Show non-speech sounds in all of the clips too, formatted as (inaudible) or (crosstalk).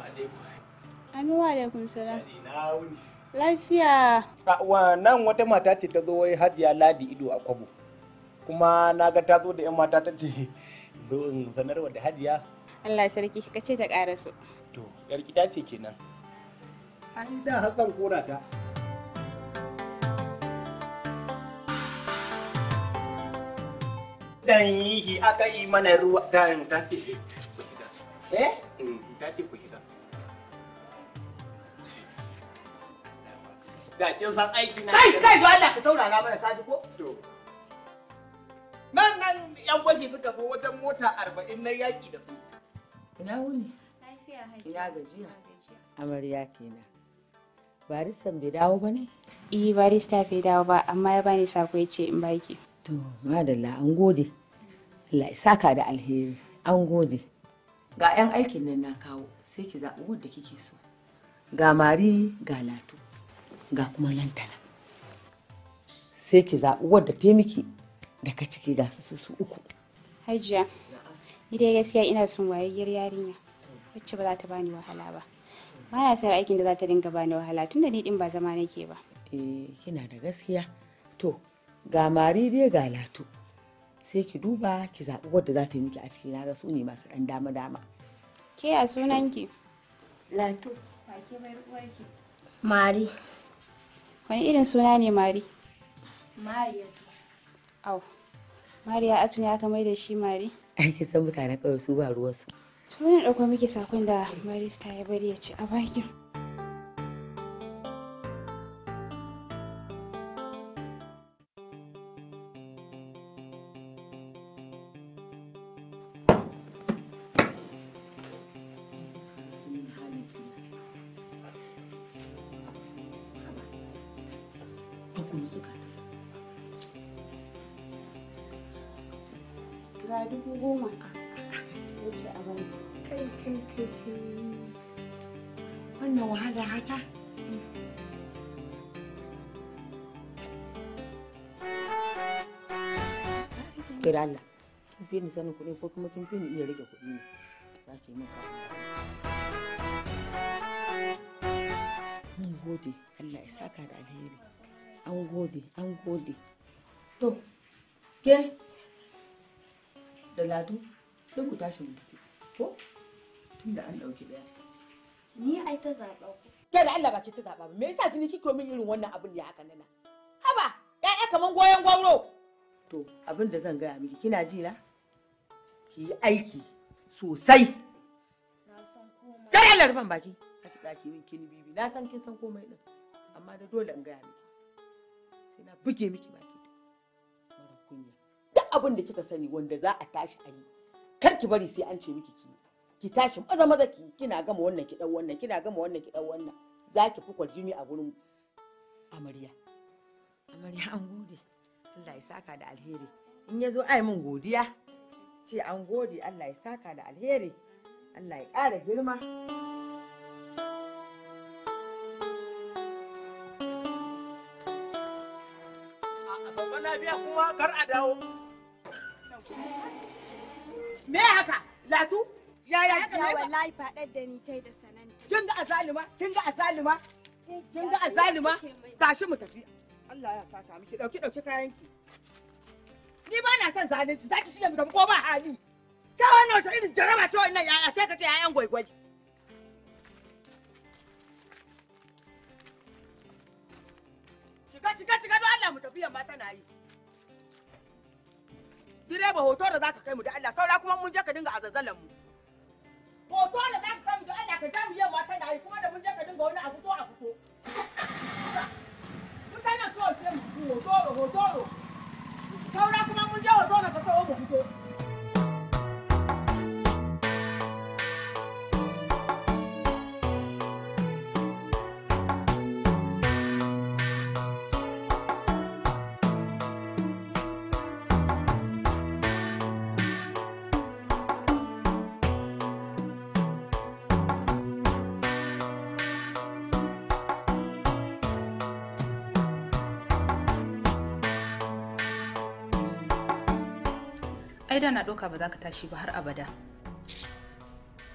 Assalamu alaikum. wa Lafiya. Nan wata mata ce ta zo wai hajiya ladi ido a kwabo. Kuma na ga ta zo da 'yan mata ta ce zo in sanarwa da hajiya. Allah sarki ka ce ta ƙara so. To, yar gida ce kenan. Ai da hakan kora ta. Dan yi aka yi mana ruwa dan ta ce. Eh? eh? Mm, ta ce ku da kin san aiki na kai kai ba Allah ka taurara mana ka ji ko to nan nan yan gwaji suka zo wajen mota 40 na yaki da su ina wuni lafiya ina gajiya amarya kenan baristan bai dawo ba ne eh barista bai dawo ba amma ya bani sako ya ce in baki to madalla an gode Allah ya saka da alheri an gode ga 'yan aikin nan na kawo sai ki zaɓi wanda kike so ga mari ga latu ga kuma lantana sai ki zaɓi wadda ta miki daga ciki ga su su uku hajiya ni dai gaskiya ina son wayayyar yarinya wacce ba za ta bani wahala ba ba na sayar aikin da za ta dinga bani wahala tunda ni din ba zama nake ba eh kina da gaskiya to ga mari dai ga latu sai ki duba ki zaɓi wadda za ta miki a ciki na ga su ne masu ɗan dama dama ke a ki latu ba ke bai uwarki mari Wani irin suna ne Mari? Au, Mariya Atu ne aka mai da shi Mari? Ake (laughs) san mutane kawai su ba ruwansu. Tumanin ɗauko muke sakon da Marista ya bari ya ci a bakin. rungumi zukata ga dubu goma a bani kai kai kai kai wahala haka Allah kin Allah ya saka da alheri an gode an gode to ke da ladu sai ku tashi mu tafi ko tunda an dauki daya ni ai ta zaba ku ke da Allah ba ki ta zaba ba me yasa tuni kike min irin wannan abin ya haka nana haba ya kaman goyon gwauro to abin da zan gaya miki kina ji na ki yi aiki sosai Kai Allah rufan baki a ki tsaki min kini bibi na san kin san komai din amma da dole in gaya miki sai na buge miki baki mara kunya duk abin da kika sani wanda za a tashi a yi kar ki bari sai an ce miki ki ki tashi maza maza ki kina gama wannan ki dan wannan kina gama wannan ki dan wannan za ki fi kwaljini a gurin amarya amarya an gode Allah ya saka da alheri in ya zo ai min godiya ce an gode Allah ya saka da alheri Allah ya ƙara girma. lafiya kuma kar a dawo. Me haka? Latu? Yaya ce mai wallahi faɗar da ni ta yi da sananta. Kin ga azalima, kin ga azalima, kin ga azalima, tashi mu tafi. Allah ya saka miki dauki dauki kayanki. Ni ba na son zalunci, za ki shige mu tafi ko ba hali. Ta wannan wace irin jaraba ta wannan yaya sai ka ce yayan gwaigwai. Shiga shiga shiga don Allah mu tafi yamma tana yi. direba hoto da zaka kai mu da Allah saura kuma mun je ka dinga azazzalan mu hoto da zaka kai mu da Allah ka ja mu yamma ta layi kuma da mun je ka dinga wani abu to a fito duk kana so sai mu hoto hoto saura kuma mun je hoto da ka so mu fito ai da na ɗauka ba za ka tashi ba har abada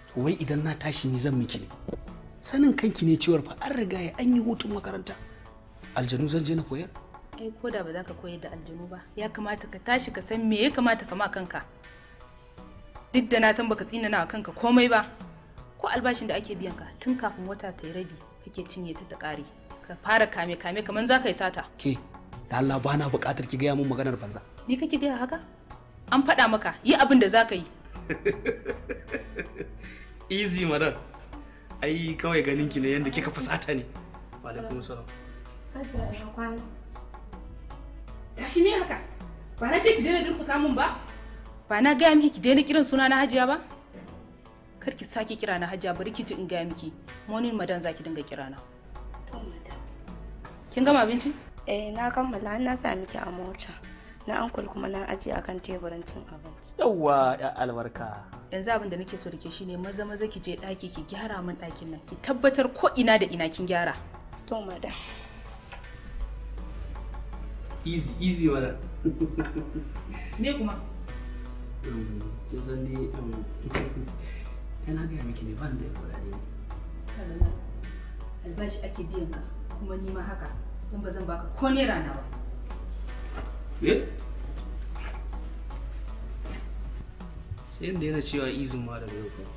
to wai idan na tashi ni zan miki ne sanin kanki ne cewar fa an riga ya an yi hutun makaranta aljanu zan je na koyar ai ko da ba za ka koyar da aljanu ba ya kamata ka tashi ka san me ya kamata ka ma kanka duk da na san baka tsina na kanka komai ba ko albashin da ake biyan ka tun kafin wata ta yi rabi kake cinye ta ta kare ka fara kame kame kaman za ka yi sata ke da Allah ba na buƙatar ki gaya min maganar banza ni kake gaya haka an faɗa maka yi abin da za ka yi (laughs) easy madam ai kawai ganin ki ne yadda kika fusata ne wa alaikum salam tashi me haka ba na ce ki daina duk samun ba ba na gaya miki ki daina kiran suna na hajiya ba kar ki sake kira na hajiya bari ki ji in gaya miki morning madam za ki dinga kira na kin gama abinci eh na kammala na sami ki a mota na ankul kuma na ajiye akan teburin cin abinci yawwa ya albarka yanzu abin da nake so da ke shine maza maza ki je daki ki gyara min dakin nan ki tabbatar ko ina da ina kin gyara to mada. easy easy wala me kuma zan ne ni kana ga miki ne ban da kuɗaɗe albashi ake biyan ka kuma ni ma haka don ba zan baka ko ne na ba Eh? sai yadda yana cewa izin ma daga yau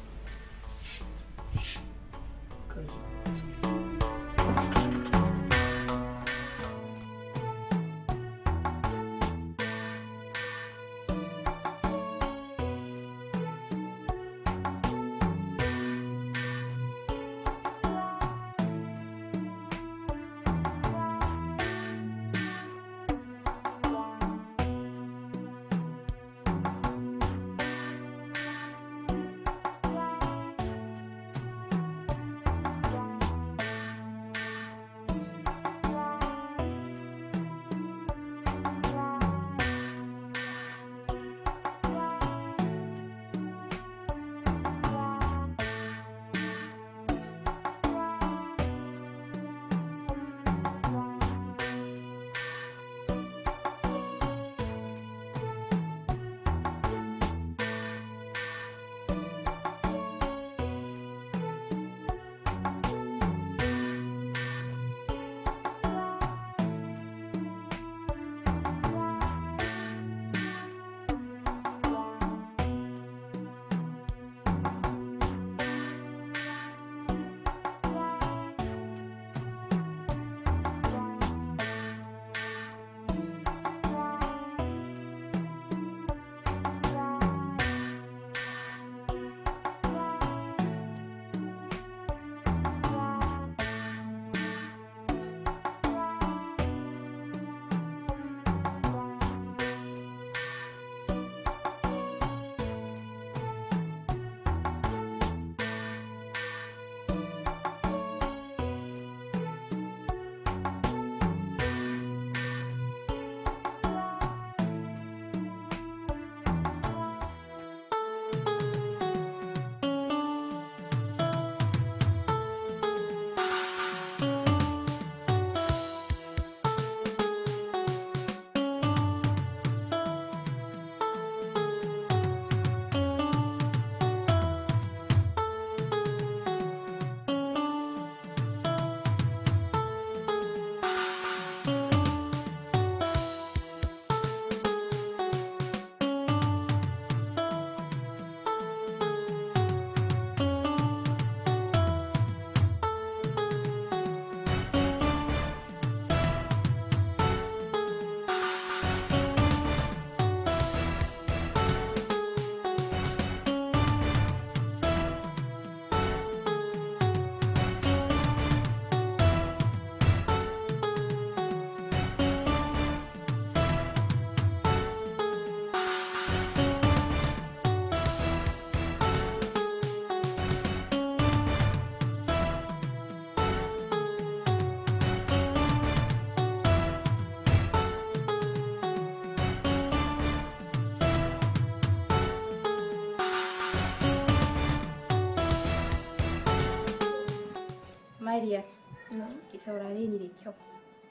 ki saurare ni da kyau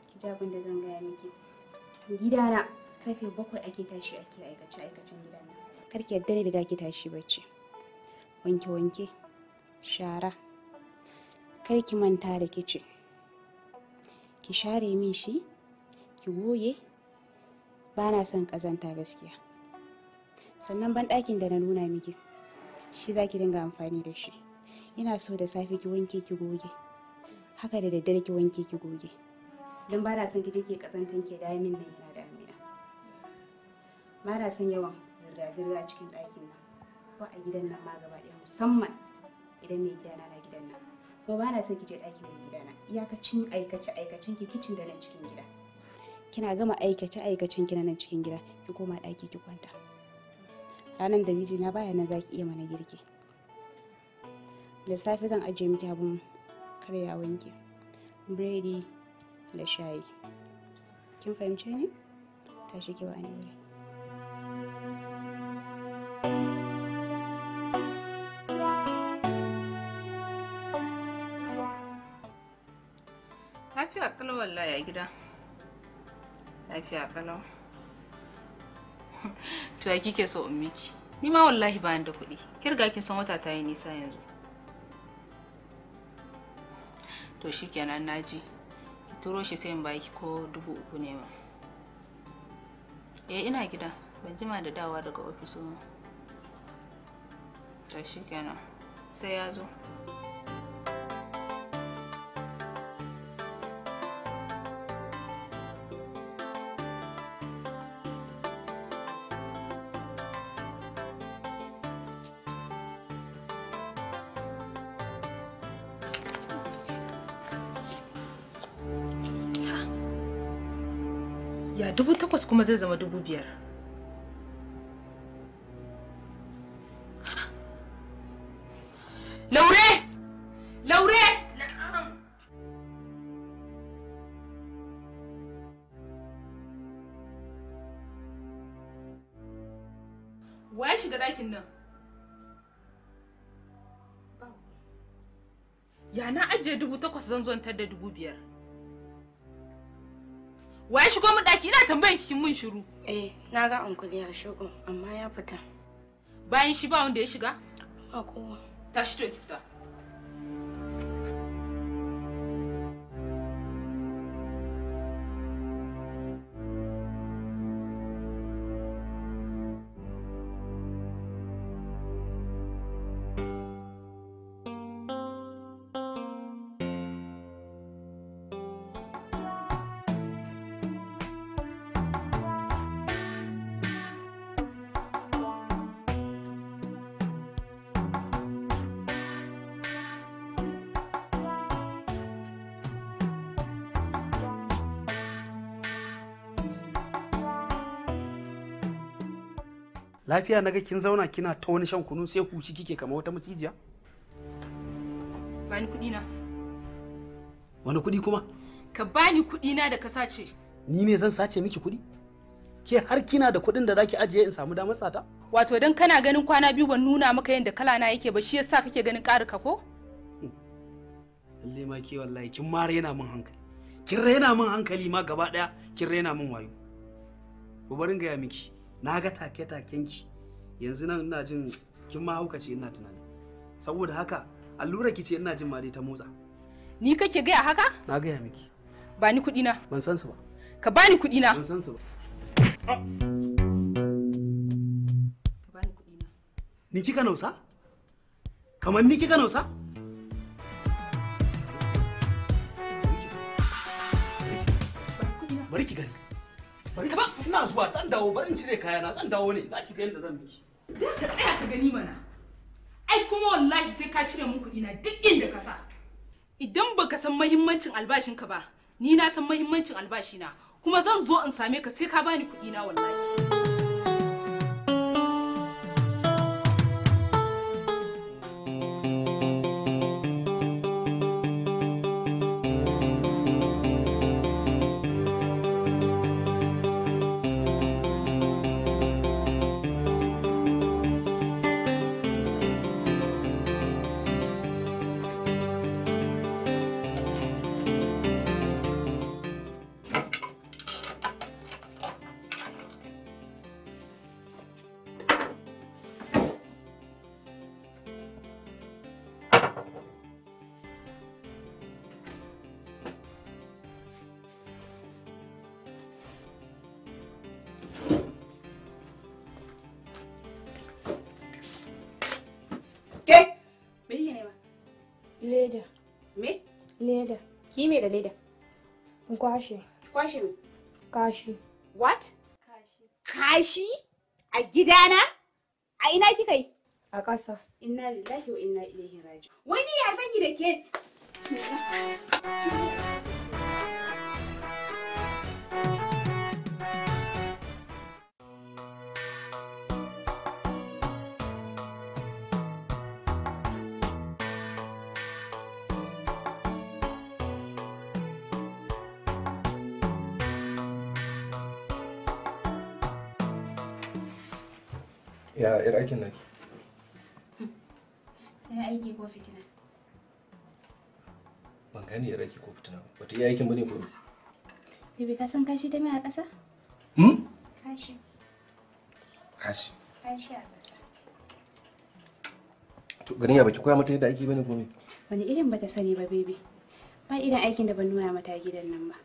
ki ji abin da zan gaya miki gidana karfe bakwai ake tashi ake aikace aikacen gidan nan karki yadda ne daga ki tashi bacci wanke wanke shara kar ki manta da kicin ki share min shi ki goye ba na son kazanta gaskiya sannan banɗakin da na nuna miki shi za ki dinga amfani da shi ina so da safe ki wanke ki goge haka da daddare ki wanke ki goge don ba na son ki je ki kazantan ke da min nan yana damina ba na son yawan zirga-zirga cikin ɗakin nan ko a gidan nan ma gaba ɗaya musamman idan mai gidana na gidan nan ko ba na son ki je ɗakin mai gidana iyakacin aikace aikacin ki kicin da nan cikin gida kina gama aikace aikacin ki na nan cikin gida ki koma ɗaki ki kwanta ranar da mijina baya nan zaki iya mana girki da zan ajiye miki abun wanke biredi da shayi kin fahimce ni tashi ki bani wuri lafiya kalau wallahi a gida lafiya kalau (laughs) to ya kike so in miki ni ma wallahi bayan da kuɗi kirga kin san wata ta yi nisa yanzu to shikenan naji ki turo shi sai in baki ko dubu uku ne ma eh ina gida ban jima da dawa daga ofis mu to shikenan sai ya zo dubu takwas kuma zai zama dubu biyar laure laure Waya ya shiga ɗakin nan ya na ajiye dubu takwas zan zontar da dubu biyar Waye shigo mun daki ina tambayan shi mun shiru. Eh, na ga ankuli ya shigo amma ya fita. Bayan shi ba wanda ya shiga? Ba kowa. Tashi to ki fita. lafiya na ga kin zauna kina ta wani shan kunu sai huci kike kama wata macijiya bani kuɗi na wani kuɗi kuma ka bani kuɗi na da ka sace ni ne zan sace miki kuɗi ke har kina da kuɗin da zaki ajiye in samu damar sata wato dan kana ganin kwana biyu ban nuna maka yadda kala na yake ba shi yasa kake ganin karuka ko hmm. lalle ma ke wallahi kin ma raina min hankali kin raina min hankali ma gaba daya kin raina min wayo ku barin gaya miki na ga take-taken ki yanzu nan ina jin kin ma hauka ce ina tunani saboda haka allura ki ce ina jin ma dai ta motsa ni kake gaya haka na gaya miki ba ni kuɗi na ban san su ba ka bani kuɗi na ban san su ba ah. ka na ni kika nausa kamar ni kika nausa bari ki gani bari ka ina zuwa zan dawo bari in cire kayana zan dawo ne za ki ga yadda zan miki dan ka tsaya ka gani mana ai kuma wallahi sai ka cire mun kuɗi na duk inda ka sa idan baka san mahimmancin albashin ka ba ni na san mahimmancin albashina kuma zan zo in same ka sai ka bani kuɗi na wallahi Me kike nema? Leda. Me? Leda. Ki me da leda? Kwashe. Kwashe me? Kashi. What? Kashi. Kashi? A gidana? A ina kika yi? A ƙasa. Inna lillahi wa inna ilaihi raji. Wani ya sani da ke? ya yar aikin naki na aiki ko fitina ban gani yar aiki ko fitina ba ta aikin bane ko Bibi ka san kashi ta mai a ƙasa? Hmm? Kashi. Kashi. Kashi a kasa To ganin ya baki koya mata yadda aiki bane ko me? Wani irin bata sani ba bibi Ba irin aikin da ban nuna mata gidan nan ba.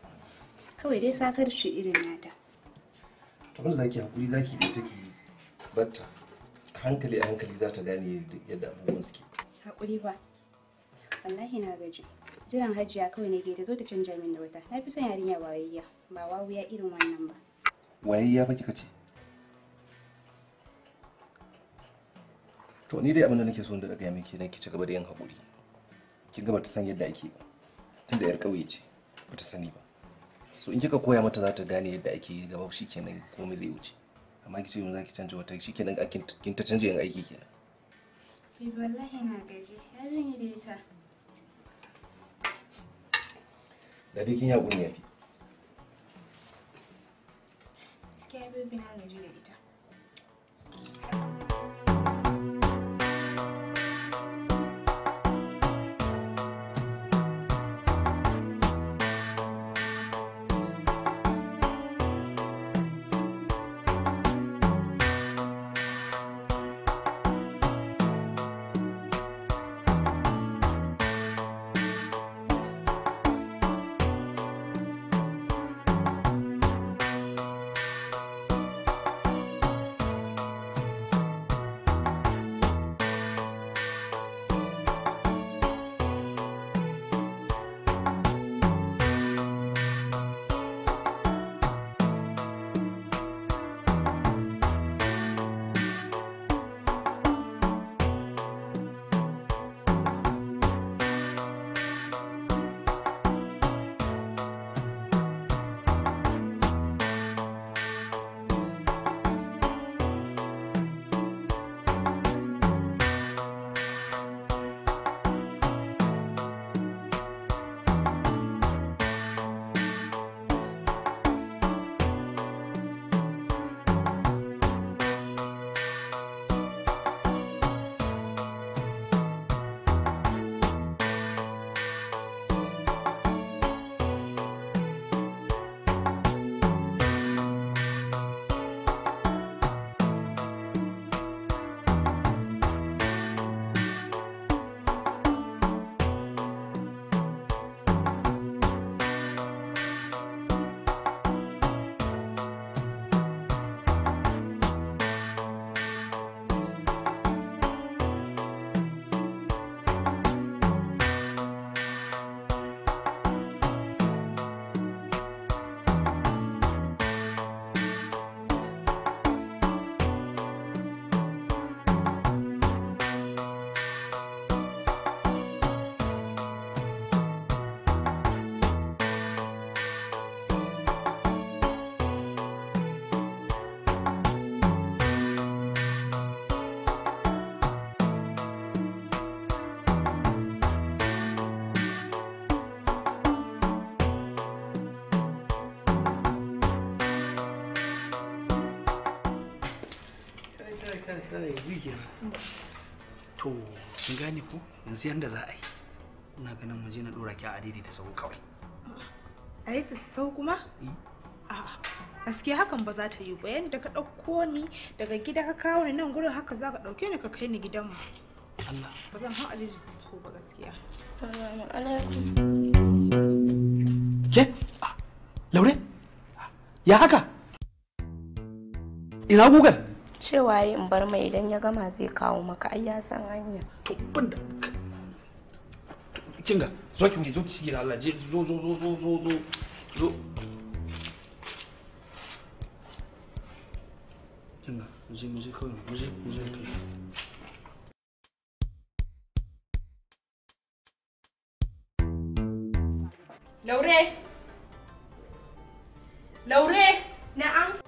Kawai dai sakar shi irin nata. To mun zaki hakuri zaki da take batta. hankali a hankali za ta gane yadda abubuwan suke hakuri ba wallahi na gaji jiran hajiya kawai ne ke ta zo ta canja min da wata na fi son yarinya wayayya ba wawuya irin wannan ba wayayya ba kika ce to ni dai abin da nake so da daga miki nake ci gaba da yin hakuri kin gaba ta san yadda ake ba tunda yar ƙauye ce ba ta sani ba so in kika koya mata za ta gane yadda ake yi gaba shikenan komai zai wuce amma ki ce yanzu zaki canja wata shi kenan kin ta canja yin aiki kenan ki eh, wallahi na gaji ya zan yi da ita da dai kin ya gun fi gaskiya bibi na gaji da ita kira yanzu ke to kin gane ko yanzu yanda za a yi ina ganin mu je na dora ki a adidi ta sau kawai a yi ta sau kuma eh. a'a gaskiya hakan ba za ta yi ba yanda ka ɗauko ni daga gida ka kawo ni nan gurin haka za ka ɗauke ni ka kai ni gidanmu Allah ba zan hau adidi ta sau ba gaskiya salamu alaikum ke ah, laure ah, ya haka ina google cewa yi in bar mai idan ya gama zai kawo maka ai ya san hanya to bin da kinga zo ki zo ki da Allah je zo zo zo zo zo zo zo kinga mu je mu je kawai mu je mu je Laure Laure na'am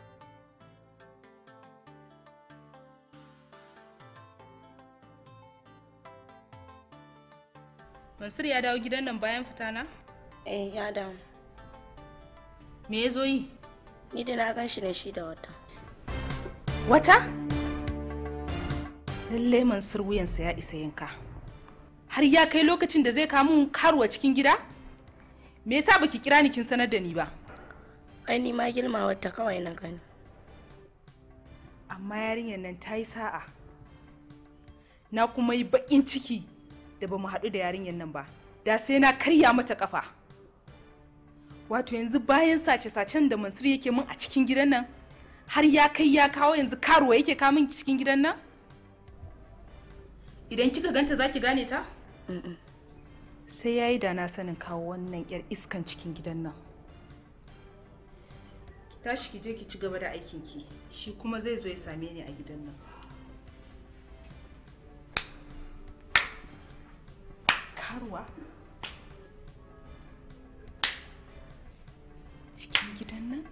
Mansur ya dawo gidan nan bayan fita na? Eh, ya dawo. Me ya zo yi? Ni da na gan shi shi da wata. Wata? Lalle Mansur wuyansa ya isa yanka. Har ya kai lokacin da zai kamu karuwa cikin gida? Me yasa baki kira ni kin sanar da ni ba? Ai ni ma gilma wata kawai na gani. Amma yarinyar nan ta yi sa'a. Na kuma yi baƙin ciki da ba mu haɗu da yarinyar nan ba da sai na karya mata kafa wato yanzu bayan sace-sacen da mansur yake min a cikin gidan nan har ya kai ya kawo yanzu karuwa yake kamun cikin gidan nan idan kika ganta za ki gane ta sai ya yi da na sanin kawo wannan yar iskan cikin gidan nan ki tashi ki je ki ci gaba da aikinki shi kuma zai zo ya same ni a gidan nan karuwa cikin gidan nan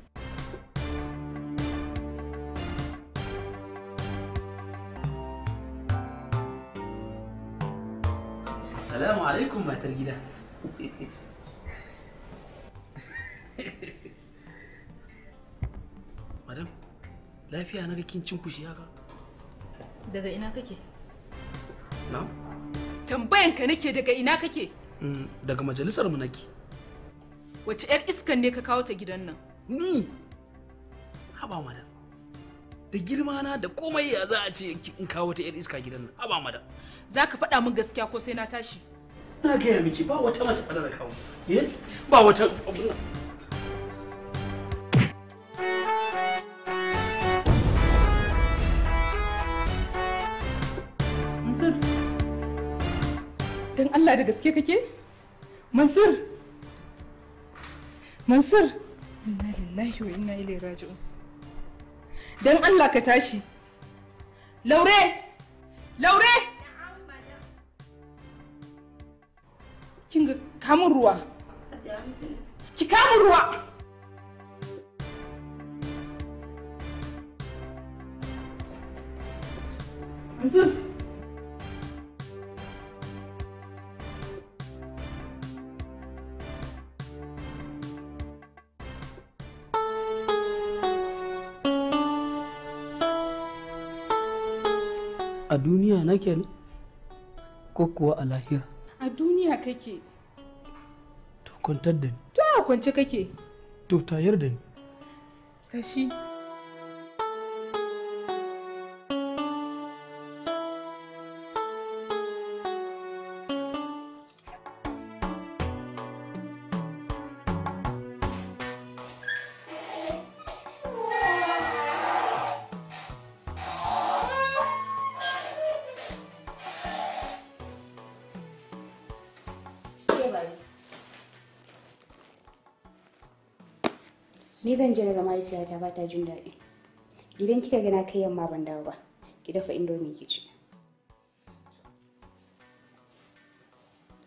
Assalamu alaikum matar gida. Madam, lafiya na rikin cin kushi haka? Daga ina kake? Na'am. tambayan ka nake daga ina kake? Mm, daga majalisar mu nake. Wace 'yar iskan ne ka kawo ta gidan nan? Ni? Haba madam. Da girma na da komai ya za a ce in kawo ta 'yar iska gidan nan. Haba madam. Za ka faɗa min gaskiya ko sai na tashi? Na gaya miki ba wata mace faɗa da kawo. Eh? Ba wata nan. Allah da gaske kake? Mansur! Mansur! Inna lillahi wa inna ilai raji'un. Don Allah ka tashi. Laure! Laure! Kin ga kamun ruwa. Ki kamun ruwa! Mansur! kake ne ko kuwa a lahiya a duniya kake to kwantar da ni to a kwance kake to tayar da ni kashi zan je daga mahaifiyata ba ta jin daɗi idan kika gana kai yamma ban dawo ba ki dafa indomi ki ci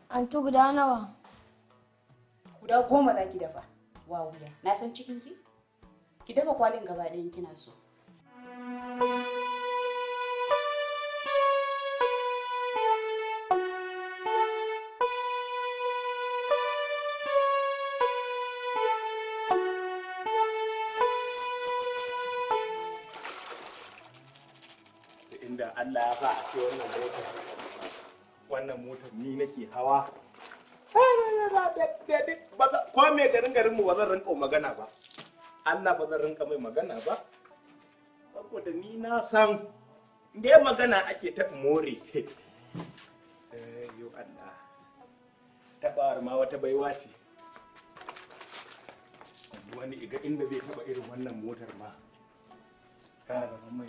antu guda nawa guda goma za ki dafa wa wuya na san cikin ki ki dafa kwalin gaba ɗaya kina so thank you Allah ya sa a ce wannan motar wannan motar ni nake hawa ko me garin garin mu ba zan rinka magana ba Allah ba zan rinka mai magana ba saboda ni na san da magana ake ta more eh, yo Allah tabawar ma wata baiwa ce wani iga inda bai taba irin wannan motar ma ta zama mai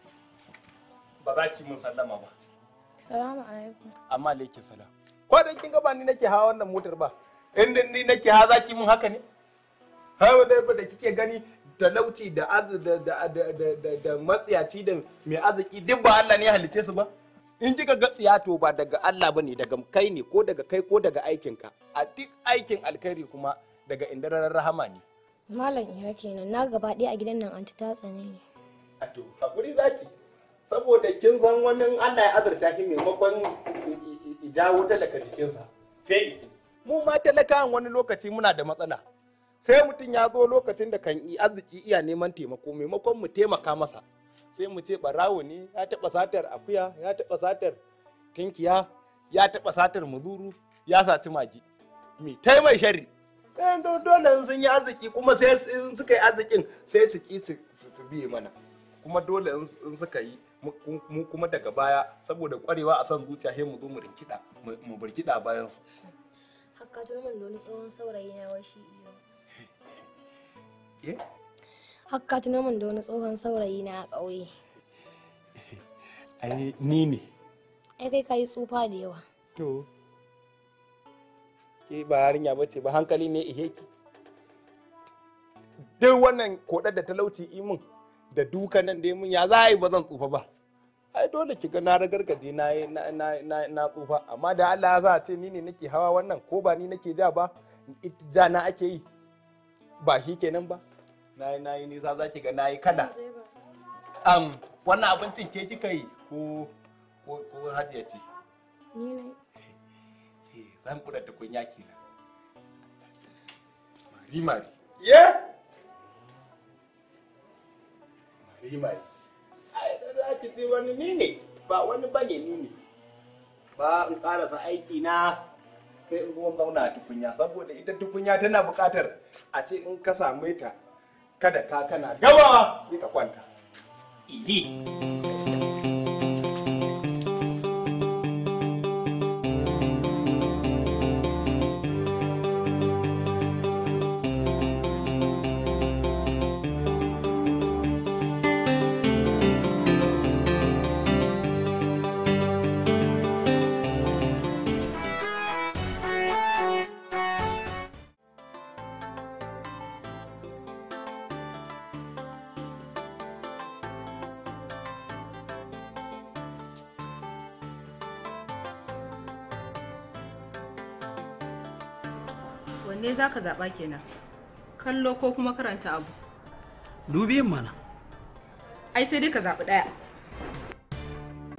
ba za ki mun sallama ba salamu alaikum amma laiki salam ko dan kin ga ba ni nake hawa wannan motar ba in ni nake ha za ki mun haka ne hawa da da kike gani talauci da da da da da matsiyaci da mai arziki duk ba Allah ne ya halice su ba in kika ga tsiya to ba daga Allah bane daga kai ne ko daga kai ko daga aikinka a duk aikin alkhairi kuma daga indarar rahama ne malam ira kenan na gaba ɗaya a gidan nan anti ta tsane ne a to hakuri zaki saboda kin san wani Allah ya azurta ki maimakon jawo talaka jikinsa sai mu ma talakawan wani lokaci muna da matsala sai mutum ya zo lokacin da kan yi arziki iya neman taimako maimakon mu taimaka masa sai mu ce barawo ne ya taɓa satar akuya ya taɓa satar tinkiya ya taɓa satar muzuru ya saci magi mai taimai shari yanzu dole sun yi arziki kuma sai in suka yi arzikin sai su ki su biye mana kuma dole in suka yi mu kuma daga baya saboda kwarewa a son zuciya sai mu zo mu rinkida mu birkida bayan su hakka to mun wani tsohon saurayi na washi iyo eh? hakka tuno mun da tsohon saurayi na a ƙauye ai ni ne ai kai kai tsufa da yawa to ke ba harinya bace ba hankali ne ihe ki dai wannan kodar da talauci imin da duka nan dai mun ya za a yi ba zan tsufa ba ai dole ki ga na ragargaje na na tsufa amma da Allah za a ce ni ne nake hawa wannan ko ba ni nake ja ba ja na ake yi ba shi kenan ba na yi na yi nisa za ki ga na yi kada um wannan abincin ke kika yi ko ko ko hadiya ce ni ne eh, zan kudar da kunya kenan mari mari yeah rimaye ai za ki ji wani ni ne ba wani bane ni ne ba in karasa aiki na sai in kuma zauna tukunya saboda ita tukunya tana bukatar a ce in ka same ta kada ka kana gawa sai ka kwanta iyi ka zaɓa kenan kallo ko kuma karanta abu dubi mana ai sai dai ka zaɓi ɗaya